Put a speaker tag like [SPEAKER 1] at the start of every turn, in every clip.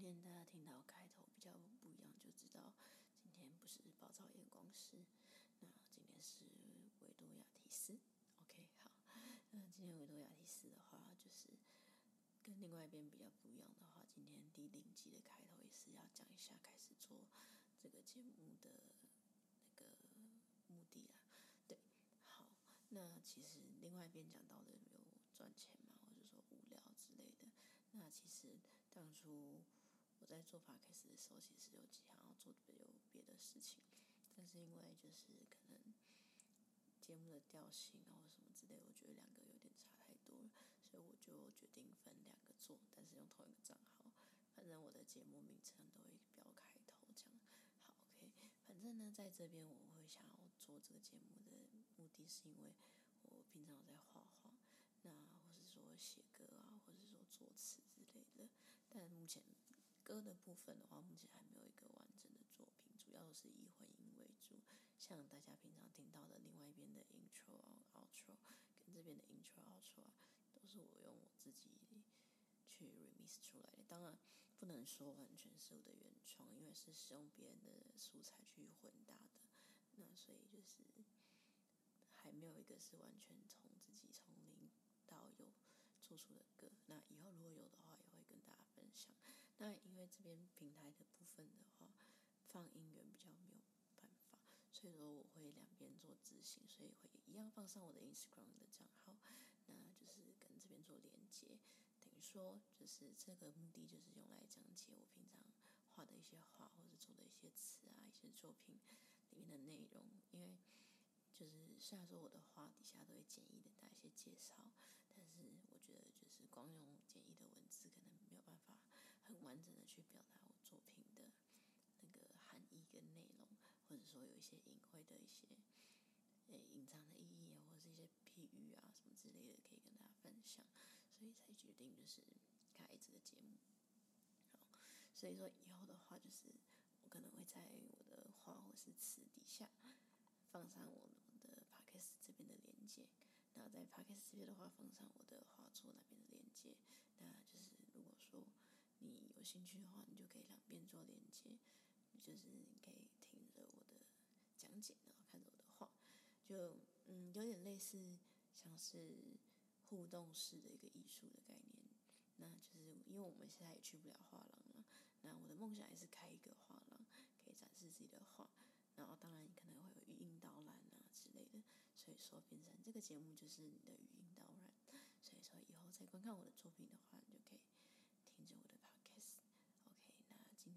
[SPEAKER 1] 今天大家聽到開頭比較不一樣，就知道今天不是爆炒眼光師，那今天是維多亞提斯。OK，好，那今天維多亞提斯的話，就是跟另外一邊比較不一樣的話，今天第零集的開頭也是要講一下，開始做這個節目的那個目的啦。對，好，那其實另外一邊講到的有賺錢嘛，或者說無聊之類的。那其實當初。我在做 Podcast 的時候，其實有幾樣想要做的有別的事情，但是因為就是可能節目的調性啊或什麼之類，我覺得兩個有點差太多了，所以我就決定分兩個做，但是用同一個賬號，反正我的節目名稱都會標開頭這樣。好，OK。反正呢，在這邊我會想要做這個節目的目的是因為我平常在畫畫，那或是說寫歌啊，或是說作詞之類的。歌的部分的話，目前還沒有一個完整的作品，主要是以混音為主。像大家平常聽到的另外一邊的 intro、outro，跟這邊的 intro、outro 啊，都是我用我自己去 remix 出來的。當然，不能說完全是我的原創，因為是使用別人的素材去混搭的。那所以就是還沒有一個是完全從自己從零到有做出的歌。那以後如果有的話，也會跟大家分享。這邊平台的部分的話，放音源比較沒有辦法，所以說我會兩邊做執行，所以會一樣放上我的 Instagram 的賬號，那就是跟這邊做連接，等於說就是這個目的就是用來講解我平常畫的一些畫或者做的一些詞啊、一些作品裡面的內容，因為就是雖然說我的畫底下都會簡易的帶一些介紹，但是我覺得就是光用簡易的文字可能去表達我作品的那個含義跟內容，或者說有一些隱晦的一些呃隱、欸、藏的意義啊，或者是一些譬喻啊什麼之類的，可以跟大家分享，所以才決定就是開這個節目。所以說以後的話，就是我可能會在我的畫或是詞底下放上我的 p o 斯這邊的鏈接，然後在 p o 斯這邊的話放上我的畫作那邊的。興趣的話，你就可以兩邊做連接，就是你可以聽着我的講解，然後看着我的畫，就嗯有點類似像是互動式的一個藝術的概念。那就是因為我們現在也去不了畫廊了，啊，那我的夢想也是開一個畫廊，可以展示自己的畫，然後當然你可能會有語音導覽啊之類的，所以說變成這個節目就是你的語音導覽。所以說以後再觀看我的作品的話，你就可以聽着我的。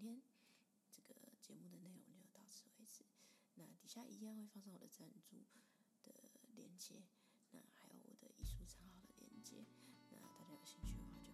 [SPEAKER 1] 今天這個節目的內容就到此為止。那底下一樣會放上我的贊助的鏈接，那還有我的藝術賬號的鏈接。那大家有興趣的話就。